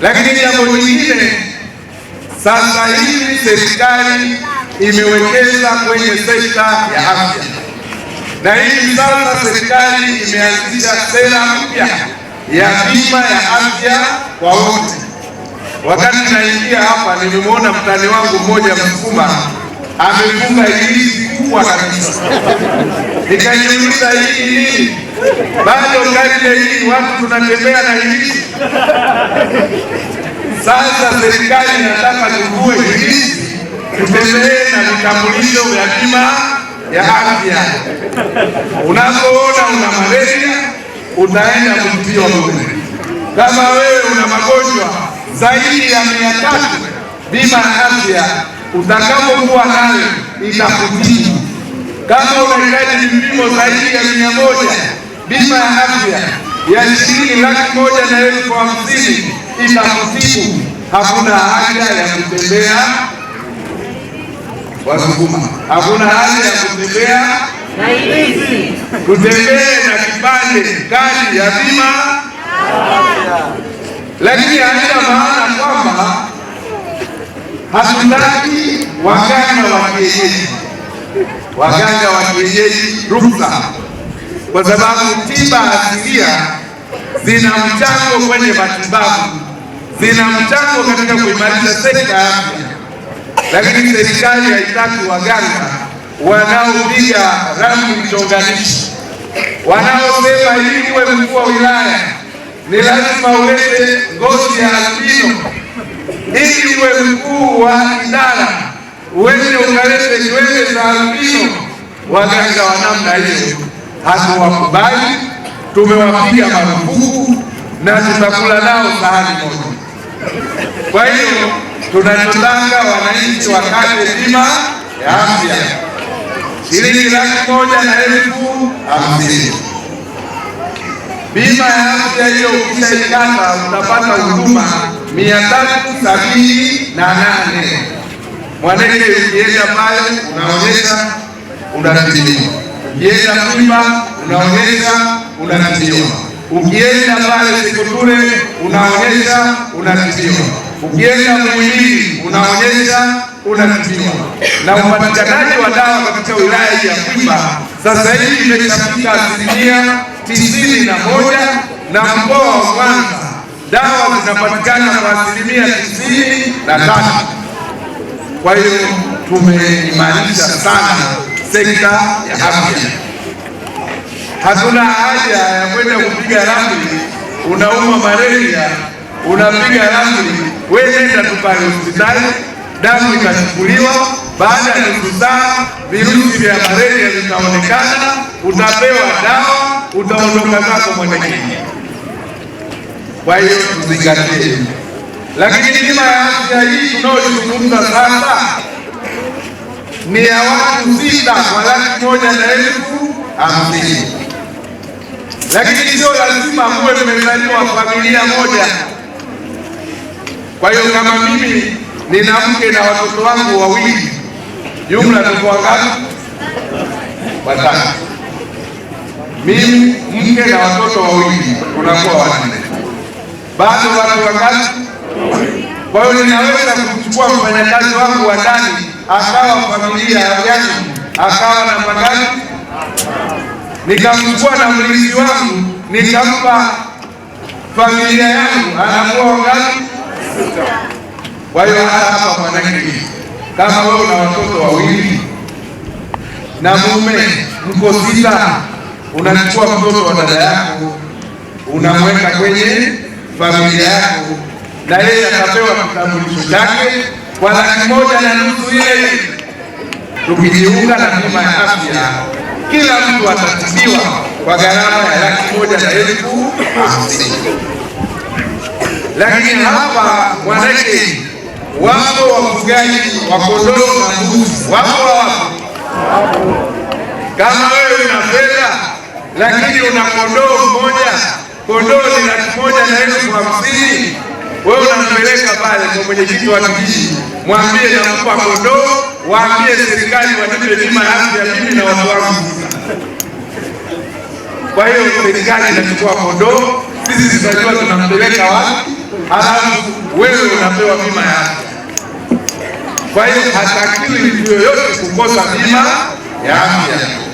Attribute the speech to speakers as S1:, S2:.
S1: Lakini jambo lingine, sasa hivi serikali imewekeza kwenye sekta ya afya, na hivi sasa serikali imeanzisha sera mpya ya bima ya afya kwa wote. Wakati naingia hapa, nilimwona mtani wangu mmoja Msukuma amefunga ilizi kubwa kabisa, nikajiuliza hii nini? Bado kati ya hii watu tunatembea na ilizi serikali inataka tuvue hili tutembee na vitambulisho vya bima ya afya. Unapoona una malaria utaenda kutibiwa bure. Kama wewe una magonjwa zaidi ya mia tatu bima ya afya utakapokuwa nayo itakutii. Kama unahitaji vipimo zaidi ya mia moja bima ya afya ya shilingi laki moja na elfu hamsini itakutibu hakuna haja ya kutembea Wasukuma, hakuna haja ya kutembea kutembea na kipande kati ya bima, lakini haina maana kwamba hatutaki waganga wa kienyeji, waganga wa kienyeji ruksa, kwa sababu tiba asilia zina mchango kwenye matibabu zina mchango katika kuimarisha sekta ya afya, lakini serikali haitaki waganga wanaopiga ramli mchonganishi, wanaosema ili uwe mkuu wa wilaya ni lazima ulete ngozi ya albino, ili uwe mkuu wa idara uende ukalete nywele za albino. Waganga wa namna hiyo hatuwakubali, tumewapiga marufuku na tutakula nao sahani moja. Kwa hiyo tunatanga wananchi wa kata bima ya afya shilingi laki moja na elfu hamsini. Bima ya afya hiyo ukishaikata utapata huduma mia tatu sabini na nane. Mwaneke ukienda pale unaonyesha unatibiwa, ukienda Kwimba unaonyesha unatibiwa Ukienda pale Sekutule unaonyesha unatibiwa, ukienda Muhimbili unaonyesha unatibiwa, na upatikanaji wa dawa katika wilaya hii ya Kwimba sasa hivi imeshafika asilimia tisini na moja na mkoa wa Mwanza dawa zinapatikana kwa asilimia tisini na tatu. Kwa hiyo tumeimarisha sana sekta ya afya. Hakuna haja ya kwenda kupiga ramli. Unauma malaria, unapiga ramli, wewe nenda tu pale hospitali, damu ikachukuliwa. Baada ya nusu saa virusi vya malaria vitaonekana, utapewa dawa, utaondoka zako mwenekini. Kwa hiyo tuzingatie, lakini bima ya afya hii tunaoizungumza sasa ni ya watu sita kwa laki moja na elfu hamsini lakini sio lazima muwe mmezaliwa familia moja. Kwa hiyo kama mimi nina mke na watoto wangu wawili, jumla tuko wangapi? Watatu, mimi mke na watoto wawili, tunakuwa wanne. Bado watu wangapi? Kwa hiyo ninaweza kumchukua mfanyakazi wangu wa ndani akawa familia yangu, akawa na magari nikamchukua na mlinzi wangu nikampa familia yangu, anakuwa ngapi? Kwa hiyo hata hapa mwanangu, kama wewe una watoto wawili na mume, mko sita, unachukua mtoto wa dada yako unamweka kwenye familia yako, na yeye atapewa kitambulisho chake kwa laki moja na nusu yeye tukijiunga na bima ya afya kila mtu atatibiwa kwa gharama ya laki moja na elfu hamsini. Lakini hapa Mwanakijiji wapo wafugaji wa kondoo na mbuzi, wapo wapo. Kama wewe una fedha lakini una kondoo mmoja, kondoo ni laki moja na elfu hamsini, wewe unampeleka pale kwa mwenyekiti wa kijiji, mwambie nakupa kondoo, waambie serikali wanipe bima ya afya mimi na watu wangu. Kwa hiyo serikali inachukua kondoo, sisi tunajua tunampeleka wapi, halafu wewe unapewa bima yako. Kwa hiyo hatakiwi mtu yoyote kukosa bima ya afya.